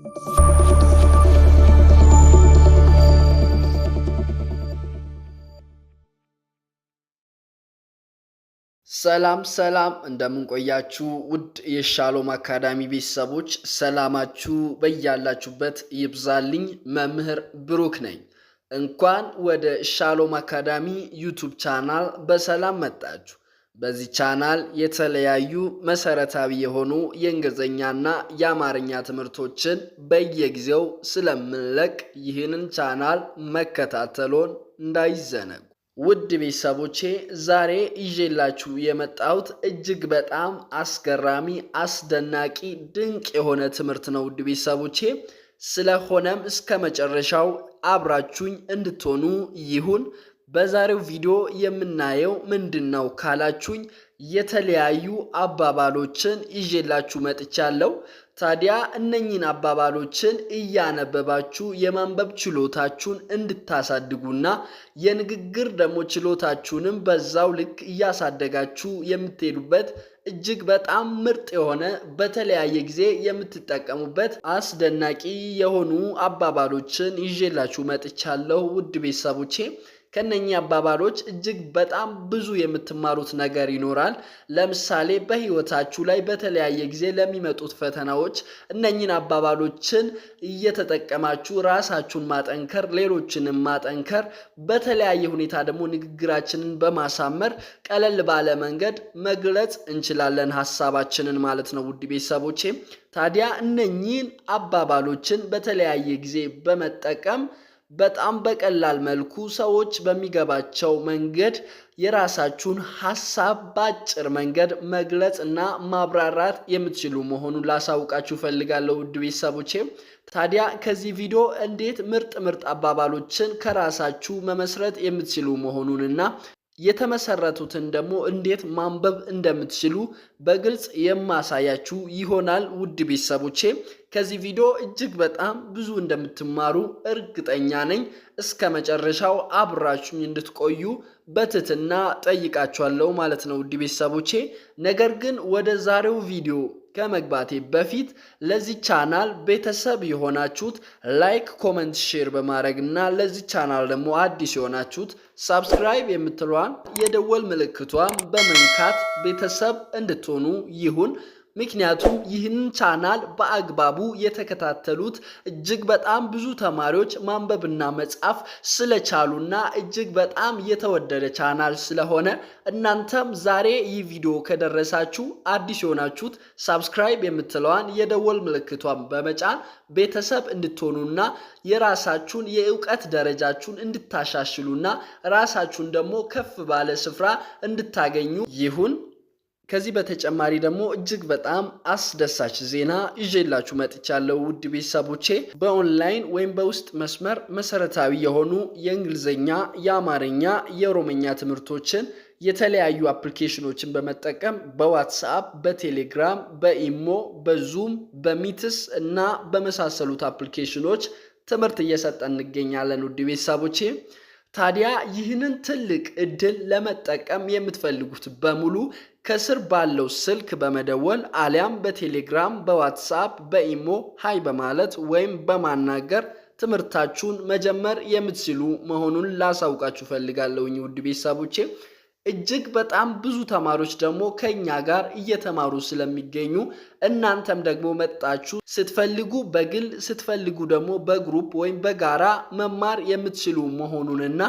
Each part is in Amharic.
ሰላም ሰላም እንደምንቆያችሁ ውድ የሻሎም አካዳሚ ቤተሰቦች ሰላማችሁ በያላችሁበት ይብዛልኝ። መምህር ብሩክ ነኝ። እንኳን ወደ ሻሎም አካዳሚ ዩቱብ ቻናል በሰላም መጣችሁ። በዚህ ቻናል የተለያዩ መሰረታዊ የሆኑ የእንግሊዝኛና የአማርኛ ትምህርቶችን በየጊዜው ስለምንለቅ ይህንን ቻናል መከታተሎን እንዳይዘነጉ። ውድ ቤተሰቦቼ ዛሬ ይዤላችሁ የመጣሁት እጅግ በጣም አስገራሚ፣ አስደናቂ፣ ድንቅ የሆነ ትምህርት ነው ውድ ቤተሰቦቼ። ስለሆነም እስከ መጨረሻው አብራችሁኝ እንድትሆኑ ይሁን። በዛሬው ቪዲዮ የምናየው ምንድን ነው ካላችሁኝ የተለያዩ አባባሎችን ይዤላችሁ መጥቻለሁ። ታዲያ እነኝን አባባሎችን እያነበባችሁ የማንበብ ችሎታችሁን እንድታሳድጉና የንግግር ደግሞ ችሎታችሁንም በዛው ልክ እያሳደጋችሁ የምትሄዱበት እጅግ በጣም ምርጥ የሆነ በተለያየ ጊዜ የምትጠቀሙበት አስደናቂ የሆኑ አባባሎችን ይዤላችሁ መጥቻለሁ ውድ ቤተሰቦቼ ከነኚህ አባባሎች እጅግ በጣም ብዙ የምትማሩት ነገር ይኖራል። ለምሳሌ በህይወታችሁ ላይ በተለያየ ጊዜ ለሚመጡት ፈተናዎች እነኚህን አባባሎችን እየተጠቀማችሁ ራሳችሁን ማጠንከር፣ ሌሎችንም ማጠንከር፣ በተለያየ ሁኔታ ደግሞ ንግግራችንን በማሳመር ቀለል ባለ መንገድ መግለጽ እንችላለን ሀሳባችንን ማለት ነው። ውድ ቤተሰቦቼ ታዲያ እነኚህን አባባሎችን በተለያየ ጊዜ በመጠቀም በጣም በቀላል መልኩ ሰዎች በሚገባቸው መንገድ የራሳችሁን ሀሳብ በአጭር መንገድ መግለጽ እና ማብራራት የምትችሉ መሆኑን ላሳውቃችሁ እፈልጋለሁ። ውድ ቤተሰቦቼ ታዲያ ከዚህ ቪዲዮ እንዴት ምርጥ ምርጥ አባባሎችን ከራሳችሁ መመስረት የምትችሉ መሆኑንና የተመሰረቱትን ደግሞ እንዴት ማንበብ እንደምትችሉ በግልጽ የማሳያችሁ ይሆናል። ውድ ቤተሰቦቼ ከዚህ ቪዲዮ እጅግ በጣም ብዙ እንደምትማሩ እርግጠኛ ነኝ። እስከ መጨረሻው አብራችሁኝ እንድትቆዩ በትትና ጠይቃችኋለሁ ማለት ነው ውድ ቤተሰቦቼ። ነገር ግን ወደ ዛሬው ቪዲዮ ከመግባቴ በፊት ለዚህ ቻናል ቤተሰብ የሆናችሁት ላይክ፣ ኮመንት፣ ሼር በማድረግ እና ለዚህ ቻናል ደግሞ አዲስ የሆናችሁት ሳብስክራይብ የምትሏን የደወል ምልክቷን በመንካት ቤተሰብ እንድትሆኑ ይሁን። ምክንያቱም ይህን ቻናል በአግባቡ የተከታተሉት እጅግ በጣም ብዙ ተማሪዎች ማንበብና መጻፍ ስለቻሉና እጅግ በጣም የተወደደ ቻናል ስለሆነ እናንተም ዛሬ ይህ ቪዲዮ ከደረሳችሁ አዲስ የሆናችሁት ሳብስክራይብ የምትለዋን የደወል ምልክቷን በመጫን ቤተሰብ እንድትሆኑና የራሳችሁን የእውቀት ደረጃችሁን እንድታሻሽሉና ራሳችሁን ደግሞ ከፍ ባለ ስፍራ እንድታገኙ ይሁን። ከዚህ በተጨማሪ ደግሞ እጅግ በጣም አስደሳች ዜና ይዤላችሁ መጥቻለሁ። ውድ ቤተሰቦቼ በኦንላይን ወይም በውስጥ መስመር መሰረታዊ የሆኑ የእንግሊዝኛ፣ የአማርኛ፣ የኦሮምኛ ትምህርቶችን የተለያዩ አፕሊኬሽኖችን በመጠቀም በዋትስአፕ፣ በቴሌግራም፣ በኢሞ፣ በዙም፣ በሚትስ እና በመሳሰሉት አፕሊኬሽኖች ትምህርት እየሰጠ እንገኛለን። ውድ ቤተሰቦቼ ታዲያ ይህንን ትልቅ እድል ለመጠቀም የምትፈልጉት በሙሉ ከስር ባለው ስልክ በመደወል አሊያም በቴሌግራም፣ በዋትሳፕ፣ በኢሞ ሀይ በማለት ወይም በማናገር ትምህርታችሁን መጀመር የምትችሉ መሆኑን ላሳውቃችሁ ፈልጋለሁኝ ውድ ቤተሰቦቼ። እጅግ በጣም ብዙ ተማሪዎች ደግሞ ከኛ ጋር እየተማሩ ስለሚገኙ እናንተም ደግሞ መጣችሁ ስትፈልጉ በግል ስትፈልጉ ደግሞ በግሩፕ ወይም በጋራ መማር የምትችሉ መሆኑንና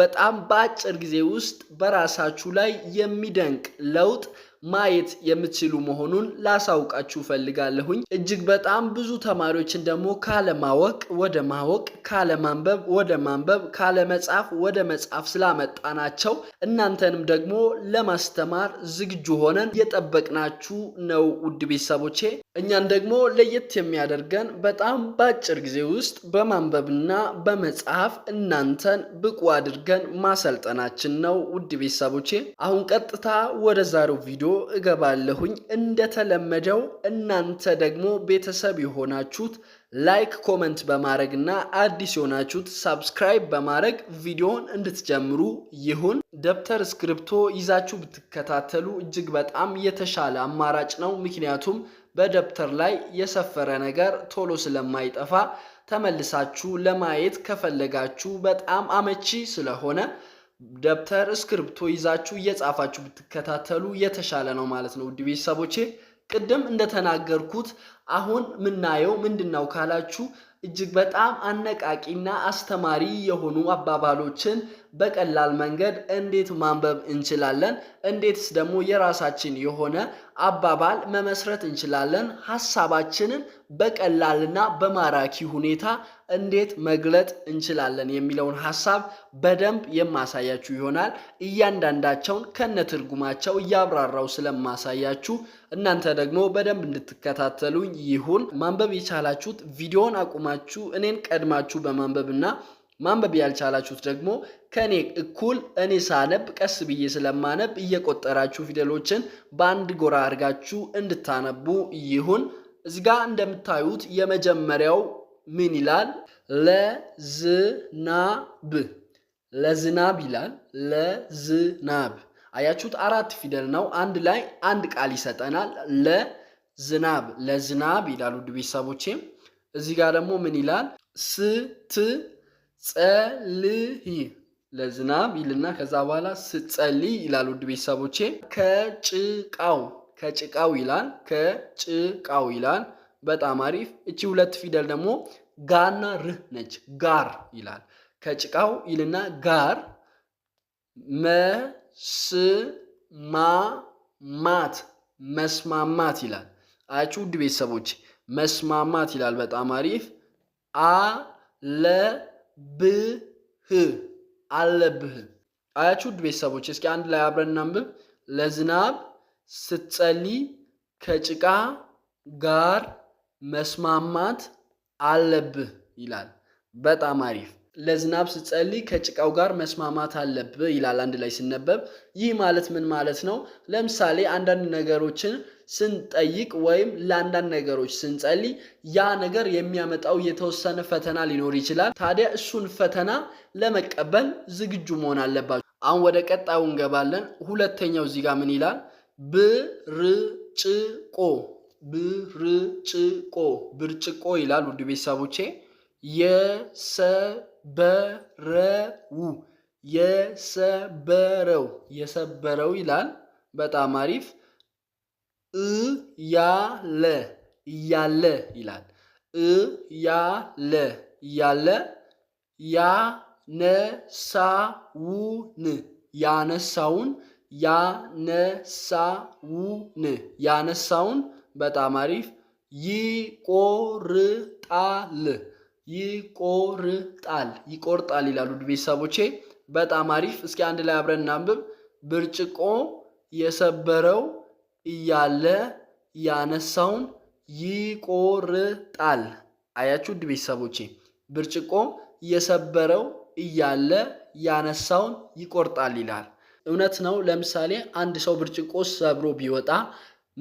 በጣም በአጭር ጊዜ ውስጥ በራሳችሁ ላይ የሚደንቅ ለውጥ ማየት የምትችሉ መሆኑን ላሳውቃችሁ ፈልጋለሁኝ። እጅግ በጣም ብዙ ተማሪዎችን ደግሞ ካለማወቅ ወደ ማወቅ፣ ካለማንበብ ወደ ማንበብ፣ ካለመጻፍ ወደ መጻፍ ስላመጣናቸው እናንተንም ደግሞ ለማስተማር ዝግጁ ሆነን የጠበቅናችሁ ነው ውድ ቤተሰቦቼ። እኛን ደግሞ ለየት የሚያደርገን በጣም በአጭር ጊዜ ውስጥ በማንበብና በመጻፍ እናንተን ብቁ አድርገን ማሰልጠናችን ነው ውድ ቤተሰቦቼ። አሁን ቀጥታ ወደ ዛሬው ቪዲዮ እገባለሁኝ። እንደተለመደው እናንተ ደግሞ ቤተሰብ የሆናችሁት ላይክ፣ ኮመንት በማድረግ እና አዲስ የሆናችሁት ሳብስክራይብ በማድረግ ቪዲዮውን እንድትጀምሩ ይሁን። ደብተር እስክሪብቶ ይዛችሁ ብትከታተሉ እጅግ በጣም የተሻለ አማራጭ ነው። ምክንያቱም በደብተር ላይ የሰፈረ ነገር ቶሎ ስለማይጠፋ ተመልሳችሁ ለማየት ከፈለጋችሁ በጣም አመቺ ስለሆነ ደብተር እስክሪብቶ ይዛችሁ እየጻፋችሁ ብትከታተሉ የተሻለ ነው ማለት ነው። ውድ ቤተሰቦቼ ቅድም እንደተናገርኩት አሁን ምናየው ምንድን ነው ካላችሁ እጅግ በጣም አነቃቂና አስተማሪ የሆኑ አባባሎችን በቀላል መንገድ እንዴት ማንበብ እንችላለን? እንዴትስ ደግሞ የራሳችን የሆነ አባባል መመስረት እንችላለን? ሀሳባችንን በቀላልና በማራኪ ሁኔታ እንዴት መግለጥ እንችላለን የሚለውን ሀሳብ በደንብ የማሳያችሁ ይሆናል። እያንዳንዳቸውን ከነትርጉማቸው እያብራራው ስለማሳያችሁ እናንተ ደግሞ በደንብ እንድትከታተሉ ይሁን። ማንበብ የቻላችሁት ቪዲዮን አቁማችሁ እኔን ቀድማችሁ በማንበብና ማንበብ ያልቻላችሁት ደግሞ ከኔ እኩል እኔ ሳነብ ቀስ ብዬ ስለማነብ እየቆጠራችሁ ፊደሎችን በአንድ ጎራ አድርጋችሁ እንድታነቡ ይሁን። ጋ እንደምታዩት የመጀመሪያው ምን ይላል? ለዝናብ ለዝናብ ይላል። ለዝናብ አያችሁት? አራት ፊደል ነው አንድ ላይ አንድ ቃል ይሰጠናል። ለዝናብ ለዝናብ ይላሉ ውድ ቤተሰቦቼ እዚህ ጋር ደግሞ ምን ይላል? ስት ጸልይ ለዝናብ ይልና ከዛ በኋላ ስጸልይ ይላል። ውድ ቤተሰቦቼ ከጭቃው ከጭቃው ይላል ከጭቃው ይላል። በጣም አሪፍ። እቺ ሁለት ፊደል ደግሞ ጋና ርህ ነች። ጋር ይላል። ከጭቃው ይልና ጋር መስማማት መስማማት ይላል። አያችሁ ውድ ቤተሰቦች መስማማት ይላል። በጣም አሪፍ አለ ብህ አለብህ። አያችሁ ውድ ቤተሰቦች፣ እስኪ አንድ ላይ አብረን እናንብብ። ለዝናብ ስትጸልይ ከጭቃ ጋር መስማማት አለብህ ይላል። በጣም አሪፍ። ለዝናብ ስትጸልይ ከጭቃው ጋር መስማማት አለብህ ይላል አንድ ላይ ስነበብ ይህ ማለት ምን ማለት ነው? ለምሳሌ አንዳንድ ነገሮችን ስንጠይቅ ወይም ለአንዳንድ ነገሮች ስንጸልይ ያ ነገር የሚያመጣው የተወሰነ ፈተና ሊኖር ይችላል። ታዲያ እሱን ፈተና ለመቀበል ዝግጁ መሆን አለባቸው። አሁን ወደ ቀጣዩ እንገባለን። ሁለተኛው እዚህ ጋር ምን ይላል? ብርጭቆ ብርጭቆ ብርጭቆ ይላል። ውድ ቤተሰቦቼ የሰበረው የሰበረው የሰበረው ይላል። በጣም አሪፍ እያለ እያለ ይላል። እያለ እያለ ያነሳውን ያነሳውን ያነሳውን ያነሳውን በጣም አሪፍ ይቆርጣል ይቆርጣል ይቆርጣል ይላሉ ቤተሰቦቼ። በጣም አሪፍ። እስኪ አንድ ላይ አብረን እናንብብ። ብርጭቆ የሰበረው እያለ ያነሳውን ይቆርጣል። አያችሁ ውድ ቤተሰቦቼ፣ ብርጭቆ የሰበረው እያለ ያነሳውን ይቆርጣል ይላል። እውነት ነው። ለምሳሌ አንድ ሰው ብርጭቆ ሰብሮ ቢወጣ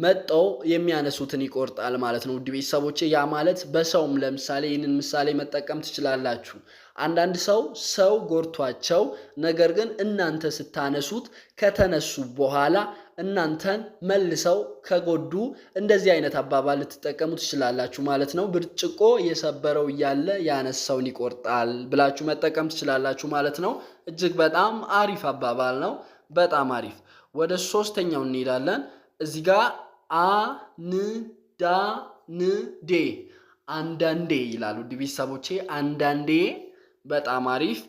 መጠው የሚያነሱትን ይቆርጣል ማለት ነው። ውድ ቤተሰቦቼ፣ ያ ማለት በሰውም ለምሳሌ ይህንን ምሳሌ መጠቀም ትችላላችሁ። አንዳንድ ሰው ሰው ጎርቷቸው፣ ነገር ግን እናንተ ስታነሱት ከተነሱ በኋላ እናንተን መልሰው ከጎዱ እንደዚህ አይነት አባባል ልትጠቀሙ ትችላላችሁ ማለት ነው። ብርጭቆ የሰበረው እያለ ያነሳውን ይቆርጣል ብላችሁ መጠቀም ትችላላችሁ ማለት ነው። እጅግ በጣም አሪፍ አባባል ነው። በጣም አሪፍ። ወደ ሶስተኛው እንሄዳለን። እዚህ ጋ አንዳንዴ አንዳንዴ ይላሉ ቤተሰቦቼ። አንዳንዴ በጣም አሪፍ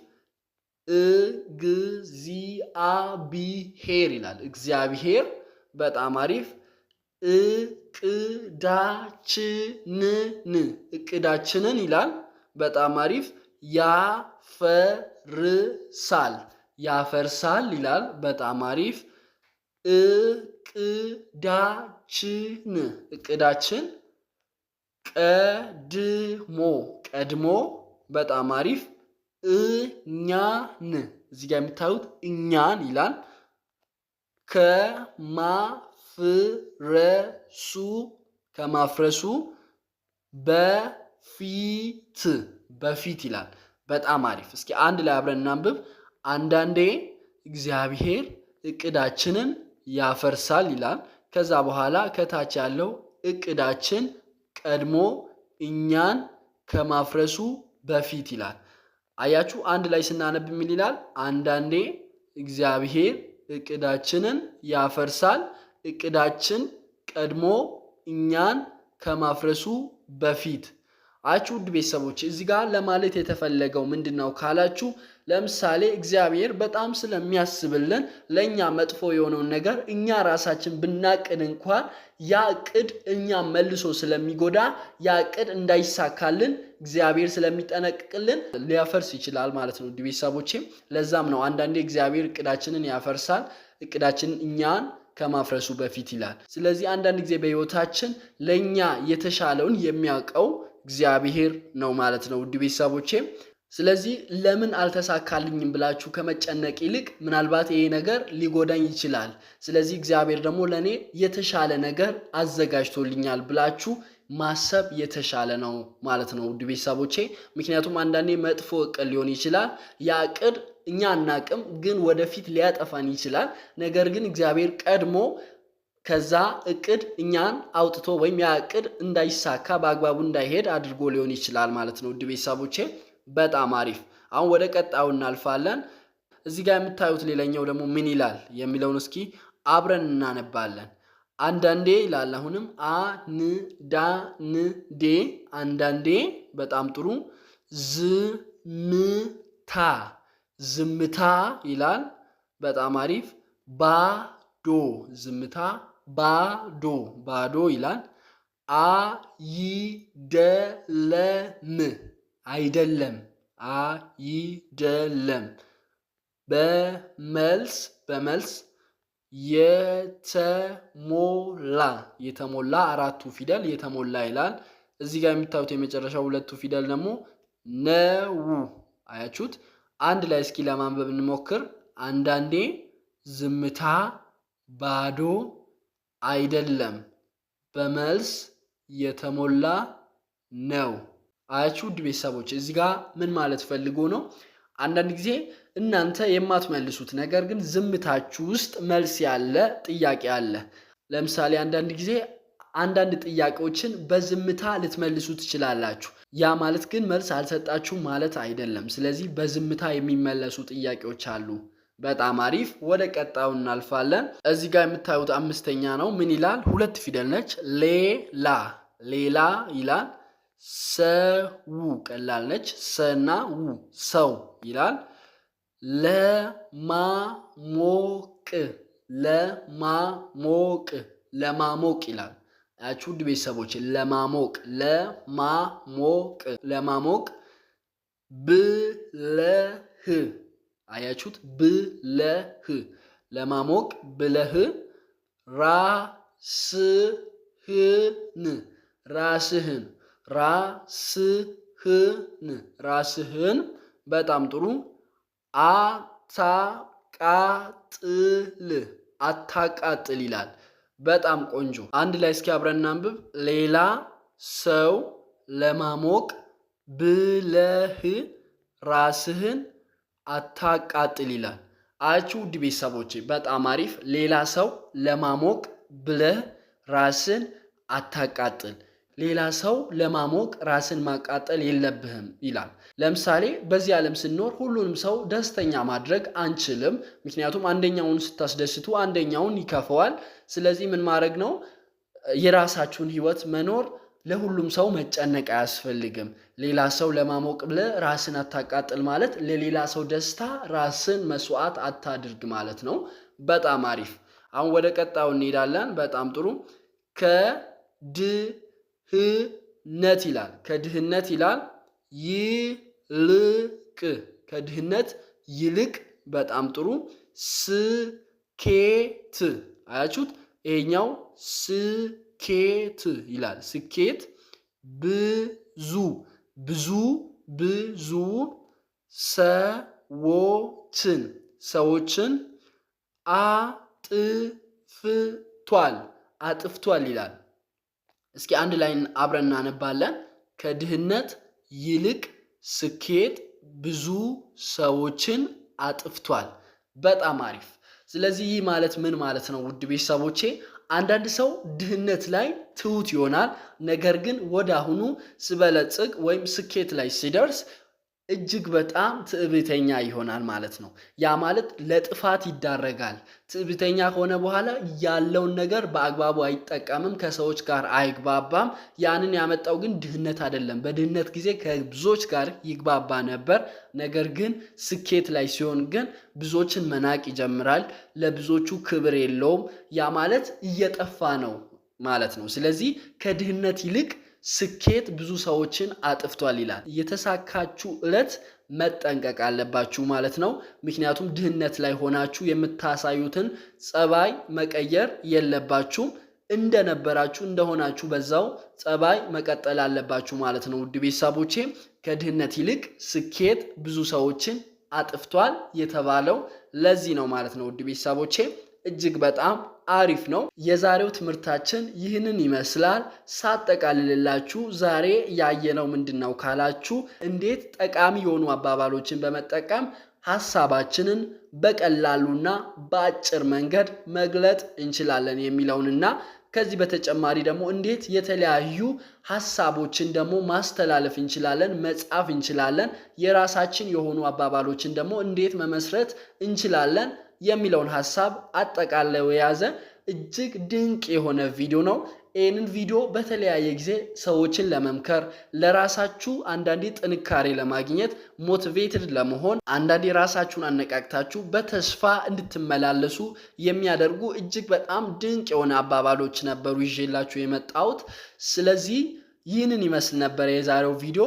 እግዚአብሔር ይላል። እግዚአብሔር በጣም አሪፍ። እቅዳችንን እቅዳችንን ይላል። በጣም አሪፍ። ያፈርሳል ያፈርሳል ይላል። በጣም አሪፍ። እቅዳችን እቅዳችን ቀድሞ ቀድሞ በጣም አሪፍ እኛን እዚህ ጋር የምታዩት እኛን ይላል። ከማፍረሱ ከማፍረሱ በፊት በፊት ይላል። በጣም አሪፍ። እስኪ አንድ ላይ አብረን እናንብብ። አንዳንዴ እግዚአብሔር እቅዳችንን ያፈርሳል ይላል። ከዛ በኋላ ከታች ያለው እቅዳችን ቀድሞ እኛን ከማፍረሱ በፊት ይላል። አያችሁ አንድ ላይ ስናነብ የሚል ይላል። አንዳንዴ እግዚአብሔር እቅዳችንን ያፈርሳል። እቅዳችን ቀድሞ እኛን ከማፍረሱ በፊት አያችሁ ውድ ቤተሰቦች እዚህ ጋር ለማለት የተፈለገው ምንድን ነው ካላችሁ፣ ለምሳሌ እግዚአብሔር በጣም ስለሚያስብልን ለእኛ መጥፎ የሆነውን ነገር እኛ ራሳችን ብናቅድ እንኳን ያ እቅድ እኛ መልሶ ስለሚጎዳ ያ እቅድ እንዳይሳካልን እግዚአብሔር ስለሚጠነቅቅልን ሊያፈርስ ይችላል ማለት ነው። ውድ ቤተሰቦቼም ለዛም ነው አንዳንዴ እግዚአብሔር እቅዳችንን ያፈርሳል። እቅዳችንን እኛን ከማፍረሱ በፊት ይላል። ስለዚህ አንዳንድ ጊዜ በህይወታችን ለእኛ የተሻለውን የሚያውቀው እግዚአብሔር ነው ማለት ነው ውድ ቤተሰቦቼ። ስለዚህ ለምን አልተሳካልኝም ብላችሁ ከመጨነቅ ይልቅ ምናልባት ይሄ ነገር ሊጎዳኝ ይችላል፣ ስለዚህ እግዚአብሔር ደግሞ ለእኔ የተሻለ ነገር አዘጋጅቶልኛል ብላችሁ ማሰብ የተሻለ ነው ማለት ነው ውድ ቤተሰቦቼ። ምክንያቱም አንዳንዴ መጥፎ እቅድ ሊሆን ይችላል። ያ እቅድ እኛ አናቅም፣ ግን ወደፊት ሊያጠፋን ይችላል። ነገር ግን እግዚአብሔር ቀድሞ ከዛ እቅድ እኛን አውጥቶ ወይም ያ እቅድ እንዳይሳካ በአግባቡ እንዳይሄድ አድርጎ ሊሆን ይችላል ማለት ነው። ውድ ቤተሰቦቼ በጣም አሪፍ። አሁን ወደ ቀጣዩ እናልፋለን። እዚህ ጋር የምታዩት ሌላኛው ደግሞ ምን ይላል የሚለውን እስኪ አብረን እናነባለን። አንዳንዴ ይላል አሁንም አንዳንዴ አንዳንዴ። በጣም ጥሩ። ዝምታ ዝምታ ይላል። በጣም አሪፍ ባዶ ዝምታ ባዶ ባዶ ይላል። አይደለም አይደለም አይደለም። በመልስ በመልስ የተሞላ የተሞላ አራቱ ፊደል የተሞላ ይላል። እዚህ ጋር የምታዩት የመጨረሻው ሁለቱ ፊደል ደግሞ ነው። አያችሁት? አንድ ላይ እስኪ ለማንበብ እንሞክር። አንዳንዴ ዝምታ ባዶ አይደለም በመልስ የተሞላ ነው። አያችሁ ውድ ቤተሰቦች እዚህ ጋር ምን ማለት ፈልጎ ነው? አንዳንድ ጊዜ እናንተ የማትመልሱት ነገር ግን ዝምታችሁ ውስጥ መልስ ያለ ጥያቄ አለ። ለምሳሌ አንዳንድ ጊዜ አንዳንድ ጥያቄዎችን በዝምታ ልትመልሱ ትችላላችሁ። ያ ማለት ግን መልስ አልሰጣችሁም ማለት አይደለም። ስለዚህ በዝምታ የሚመለሱ ጥያቄዎች አሉ። በጣም አሪፍ። ወደ ቀጣዩ እናልፋለን። እዚህ ጋር የምታዩት አምስተኛ ነው። ምን ይላል? ሁለት ፊደል ነች። ሌላ ሌላ ይላል። ሰው ቀላል ነች። ሰና ው ሰው ይላል። ለማሞቅ ለማሞቅ ለማሞቅ ይላል። ያችሁ ውድ ቤተሰቦች ለማሞቅ ለማሞቅ ለማሞቅ ብለህ አያችሁት? ብለህ ለማሞቅ ብለህ ራስህን ራስህን ራስህን ራስህን በጣም ጥሩ አታቃጥል አታቃጥል ይላል። በጣም ቆንጆ። አንድ ላይ እስኪ አብረን እናንብብ። ሌላ ሰው ለማሞቅ ብለህ ራስህን አታቃጥል ይላል። አያችሁ ውድ ቤተሰቦቼ በጣም አሪፍ። ሌላ ሰው ለማሞቅ ብለህ ራስን አታቃጥል። ሌላ ሰው ለማሞቅ ራስን ማቃጠል የለብህም ይላል። ለምሳሌ በዚህ ዓለም ስንኖር ሁሉንም ሰው ደስተኛ ማድረግ አንችልም። ምክንያቱም አንደኛውን ስታስደስቱ አንደኛውን ይከፈዋል። ስለዚህ ምን ማድረግ ነው የራሳችሁን ህይወት መኖር ለሁሉም ሰው መጨነቅ አያስፈልግም። ሌላ ሰው ለማሞቅ ብለህ ራስን አታቃጥል ማለት ለሌላ ሰው ደስታ ራስን መስዋዕት አታድርግ ማለት ነው። በጣም አሪፍ። አሁን ወደ ቀጣዩ እንሄዳለን። በጣም ጥሩ። ከድህነት ይላል ከድህነት ይላል ይልቅ ከድህነት ይልቅ በጣም ጥሩ። ስኬት አያችሁት? ይሄኛው ስ ስኬት ይላል። ስኬት ብዙ ብዙ ብዙ ሰዎችን ሰዎችን አጥፍቷል አጥፍቷል ይላል። እስኪ አንድ ላይ አብረን እናነባለን። ከድህነት ይልቅ ስኬት ብዙ ሰዎችን አጥፍቷል። በጣም አሪፍ። ስለዚህ ይህ ማለት ምን ማለት ነው? ውድ ቤተሰቦቼ አንዳንድ ሰው ድህነት ላይ ትሁት ይሆናል። ነገር ግን ወደ አሁኑ ስበለጽግ ወይም ስኬት ላይ ሲደርስ እጅግ በጣም ትዕቢተኛ ይሆናል ማለት ነው። ያ ማለት ለጥፋት ይዳረጋል። ትዕቢተኛ ከሆነ በኋላ ያለውን ነገር በአግባቡ አይጠቀምም፣ ከሰዎች ጋር አይግባባም። ያንን ያመጣው ግን ድህነት አይደለም። በድህነት ጊዜ ከብዙዎች ጋር ይግባባ ነበር። ነገር ግን ስኬት ላይ ሲሆን ግን ብዙዎችን መናቅ ይጀምራል። ለብዙዎቹ ክብር የለውም። ያ ማለት እየጠፋ ነው ማለት ነው። ስለዚህ ከድህነት ይልቅ ስኬት ብዙ ሰዎችን አጥፍቷል ይላል። የተሳካችሁ ዕለት መጠንቀቅ አለባችሁ ማለት ነው። ምክንያቱም ድህነት ላይ ሆናችሁ የምታሳዩትን ጸባይ መቀየር የለባችሁም። እንደነበራችሁ እንደሆናችሁ በዛው ጸባይ መቀጠል አለባችሁ ማለት ነው። ውድ ቤተሰቦቼ ከድህነት ይልቅ ስኬት ብዙ ሰዎችን አጥፍቷል የተባለው ለዚህ ነው ማለት ነው። ውድ ቤተሰቦቼ እጅግ በጣም አሪፍ ነው። የዛሬው ትምህርታችን ይህንን ይመስላል። ሳጠቃልልላችሁ ዛሬ ያየነው ምንድን ነው ካላችሁ እንዴት ጠቃሚ የሆኑ አባባሎችን በመጠቀም ሀሳባችንን በቀላሉና በአጭር መንገድ መግለጥ እንችላለን የሚለውንና ከዚህ በተጨማሪ ደግሞ እንዴት የተለያዩ ሀሳቦችን ደግሞ ማስተላለፍ እንችላለን፣ መጻፍ እንችላለን፣ የራሳችን የሆኑ አባባሎችን ደግሞ እንዴት መመስረት እንችላለን የሚለውን ሀሳብ አጠቃላይ የያዘ እጅግ ድንቅ የሆነ ቪዲዮ ነው። ይህንን ቪዲዮ በተለያየ ጊዜ ሰዎችን ለመምከር ለራሳችሁ አንዳንዴ ጥንካሬ ለማግኘት ሞቲቬትድ ለመሆን አንዳንዴ ራሳችሁን አነቃቅታችሁ በተስፋ እንድትመላለሱ የሚያደርጉ እጅግ በጣም ድንቅ የሆነ አባባሎች ነበሩ ይዤላችሁ የመጣሁት። ስለዚህ ይህንን ይመስል ነበር የዛሬው ቪዲዮ።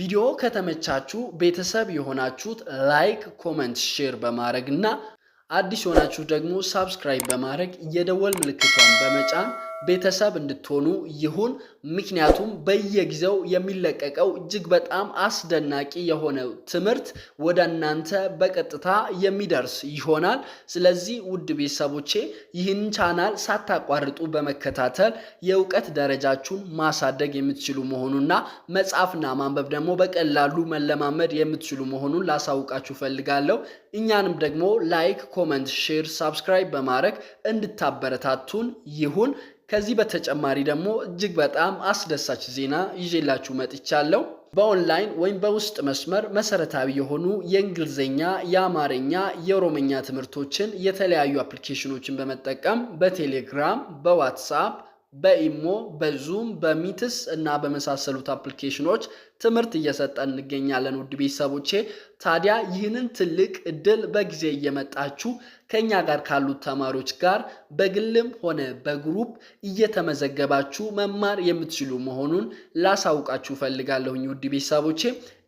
ቪዲዮ ከተመቻችሁ ቤተሰብ የሆናችሁት ላይክ፣ ኮመንት፣ ሼር በማድረግ እና አዲስ የሆናችሁ ደግሞ ሳብስክራይብ በማድረግ የደወል ምልክቷን በመጫን ቤተሰብ እንድትሆኑ ይሁን። ምክንያቱም በየጊዜው የሚለቀቀው እጅግ በጣም አስደናቂ የሆነው ትምህርት ወደ እናንተ በቀጥታ የሚደርስ ይሆናል። ስለዚህ ውድ ቤተሰቦቼ ይህን ቻናል ሳታቋርጡ በመከታተል የእውቀት ደረጃችሁን ማሳደግ የምትችሉ መሆኑና መጻፍና ማንበብ ደግሞ በቀላሉ መለማመድ የምትችሉ መሆኑን ላሳውቃችሁ ፈልጋለሁ። እኛንም ደግሞ ላይክ፣ ኮመንት፣ ሼር፣ ሳብስክራይብ በማድረግ እንድታበረታቱን ይሁን። ከዚህ በተጨማሪ ደግሞ እጅግ በጣም አስደሳች ዜና ይዤላችሁ መጥቻለሁ። በኦንላይን ወይም በውስጥ መስመር መሰረታዊ የሆኑ የእንግሊዝኛ፣ የአማርኛ፣ የኦሮምኛ ትምህርቶችን የተለያዩ አፕሊኬሽኖችን በመጠቀም በቴሌግራም፣ በዋትሳፕ፣ በኢሞ፣ በዙም፣ በሚትስ እና በመሳሰሉት አፕሊኬሽኖች ትምህርት እየሰጠን እንገኛለን። ውድ ቤተሰቦቼ ታዲያ ይህንን ትልቅ እድል በጊዜ እየመጣችሁ ከኛ ጋር ካሉት ተማሪዎች ጋር በግልም ሆነ በግሩፕ እየተመዘገባችሁ መማር የምትችሉ መሆኑን ላሳውቃችሁ ፈልጋለሁኝ። ውድ ቤተሰቦቼ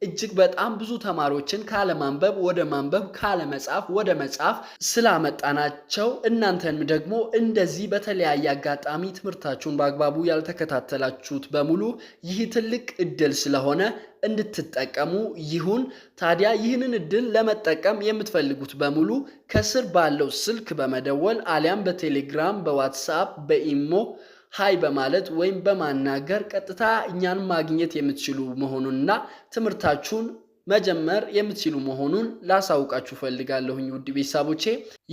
እጅግ በጣም ብዙ ተማሪዎችን ካለማንበብ ወደ ማንበብ ካለመጻፍ ወደ መጻፍ ስላመጣናቸው እናንተንም ደግሞ እንደዚህ በተለያየ አጋጣሚ ትምህርታችሁን በአግባቡ ያልተከታተላችሁት በሙሉ ይህ ትልቅ እድል ስለሆነ እንድትጠቀሙ ይሁን። ታዲያ ይህንን እድል ለመጠቀም የምትፈልጉት በሙሉ ከስር ባለው ስልክ በመደወል አሊያም በቴሌግራም፣ በዋትሳፕ፣ በኢሞ ሀይ በማለት ወይም በማናገር ቀጥታ እኛን ማግኘት የምትችሉ መሆኑንና ትምህርታችሁን መጀመር የምትችሉ መሆኑን ላሳውቃችሁ ፈልጋለሁኝ ውድ ቤተሰቦቼ።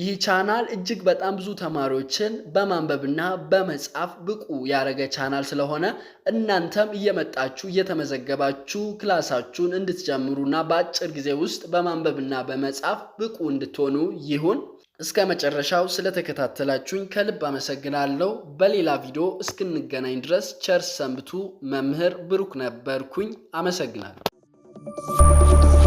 ይህ ቻናል እጅግ በጣም ብዙ ተማሪዎችን በማንበብና በመጻፍ ብቁ ያደረገ ቻናል ስለሆነ እናንተም እየመጣችሁ እየተመዘገባችሁ ክላሳችሁን እንድትጀምሩና በአጭር ጊዜ ውስጥ በማንበብና በመጻፍ ብቁ እንድትሆኑ ይሁን። እስከ መጨረሻው ስለተከታተላችሁኝ ከልብ አመሰግናለሁ። በሌላ ቪዲዮ እስክንገናኝ ድረስ ቸር ሰንብቱ። መምህር ብሩክ ነበርኩኝ። አመሰግናለሁ። Thank you.